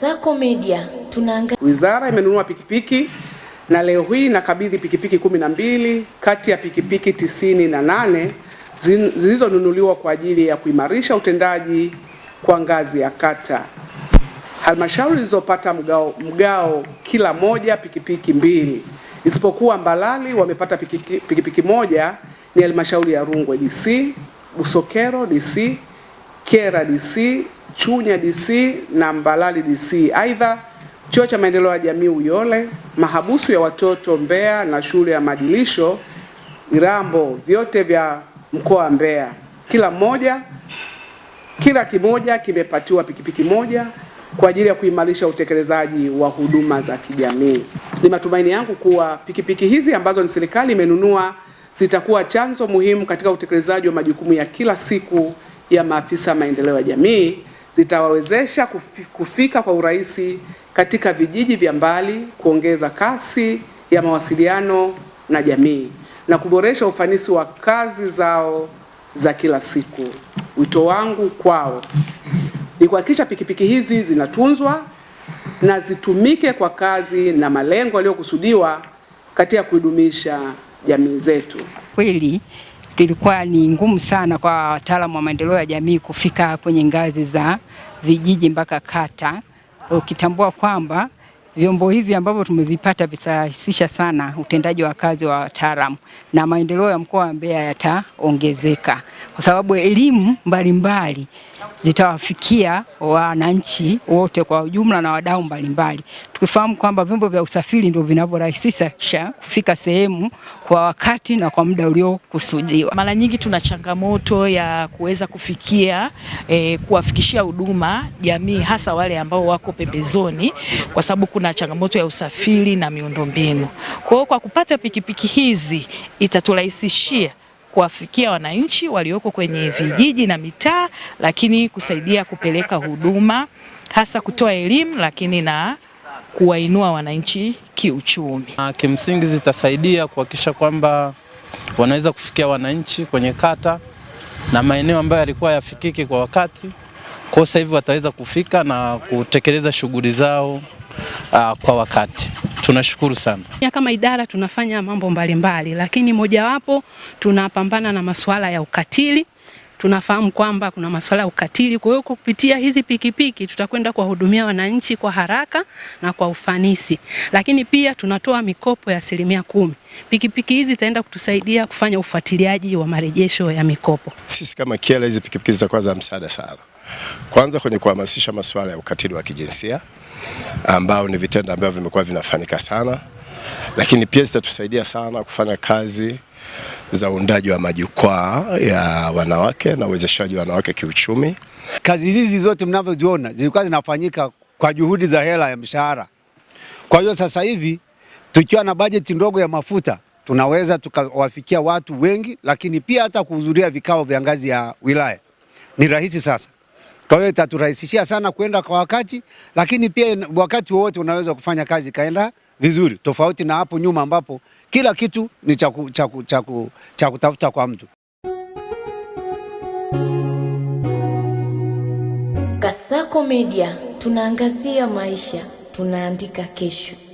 Sako Media tunaanga... Wizara imenunua pikipiki na leo hii nakabidhi pikipiki kumi na mbili kati ya pikipiki tisini na nane zilizonunuliwa kwa ajili ya kuimarisha utendaji kwa ngazi ya kata. Halmashauri zilizopata mgao, mgao kila moja pikipiki mbili, isipokuwa Mbalali wamepata pikipiki, pikipiki moja ni halmashauri ya Rungwe DC, Busokero DC, Kera DC Chunya DC na Mbalali DC. Aidha, chuo cha maendeleo ya jamii Uyole, mahabusu ya watoto Mbeya na shule ya madilisho Irambo, vyote vya mkoa wa Mbeya, kila moja, kila kimoja kimepatiwa pikipiki moja kwa ajili ya kuimarisha utekelezaji wa huduma za kijamii. Ni matumaini yangu kuwa pikipiki hizi ambazo ni serikali imenunua zitakuwa chanzo muhimu katika utekelezaji wa majukumu ya kila siku ya maafisa maendeleo ya jamii zitawawezesha kufika kwa urahisi katika vijiji vya mbali, kuongeza kasi ya mawasiliano na jamii na kuboresha ufanisi wa kazi zao za kila siku. Wito wangu kwao ni kuhakikisha pikipiki hizi zinatunzwa na zitumike kwa kazi na malengo yaliyokusudiwa katika kuidumisha jamii zetu. Kweli ilikuwa ni ngumu sana kwa wataalamu wa maendeleo ya jamii kufika kwenye ngazi za vijiji mpaka kata, ukitambua kwamba vyombo hivi ambavyo tumevipata vitarahisisha sana utendaji wa kazi wa wataalamu na maendeleo ya mkoa wa Mbeya yataongezeka kwa sababu elimu mbalimbali zitawafikia wananchi wote kwa ujumla na wadau mbalimbali, tukifahamu kwamba vyombo vya usafiri ndio vinavyorahisisha kufika sehemu kwa wakati na kwa muda uliokusudiwa. Mara nyingi tuna changamoto ya kuweza kufikia e, kuwafikishia huduma jamii, hasa wale ambao wako pembezoni, kwa sababu kuna changamoto ya usafiri na miundombinu. Kwa hiyo kwa kupata pikipiki hizi itaturahisishia kuwafikia wananchi walioko kwenye vijiji na mitaa, lakini kusaidia kupeleka huduma hasa kutoa elimu, lakini na kuwainua wananchi kiuchumi. Kimsingi zitasaidia kuhakikisha kwamba wanaweza kufikia wananchi kwenye kata na maeneo ambayo yalikuwa yafikiki kwa wakati, kwa sasa hivi wataweza kufika na kutekeleza shughuli zao uh, kwa wakati. Tunashukuru sana. Kama idara tunafanya mambo mbalimbali mbali, lakini mojawapo tunapambana na masuala ya ukatili tunafahamu kwamba kuna masuala ya ukatili. Kwa hiyo kupitia hizi pikipiki tutakwenda kuwahudumia wananchi kwa haraka na kwa ufanisi, lakini pia tunatoa mikopo ya asilimia kumi. Pikipiki hizi zitaenda kutusaidia kufanya ufuatiliaji wa marejesho ya mikopo. Sisi kama kiela hizi pikipiki zitakuwa za msaada sana, kwanza kwenye kuhamasisha masuala ya ukatili wa kijinsia ambao ni vitendo ambavyo vimekuwa vinafanyika sana, lakini pia zitatusaidia sana kufanya kazi za uundaji wa majukwaa ya wanawake na uwezeshaji wa wanawake kiuchumi. Kazi hizi zote mnavyoziona zilikuwa zinafanyika kwa juhudi za hela ya mshahara. Kwa hiyo sasa hivi tukiwa na bajeti ndogo ya mafuta tunaweza tukawafikia watu wengi, lakini pia hata kuhudhuria vikao vya ngazi ya wilaya ni rahisi sasa. Kwa hiyo itaturahisishia sana kwenda kwa wakati, lakini pia wakati wowote unaweza kufanya kazi kaenda vizuri, tofauti na hapo nyuma ambapo kila kitu ni cha kutafuta kwa mtu. Kasako Media tunaangazia maisha, tunaandika kesho.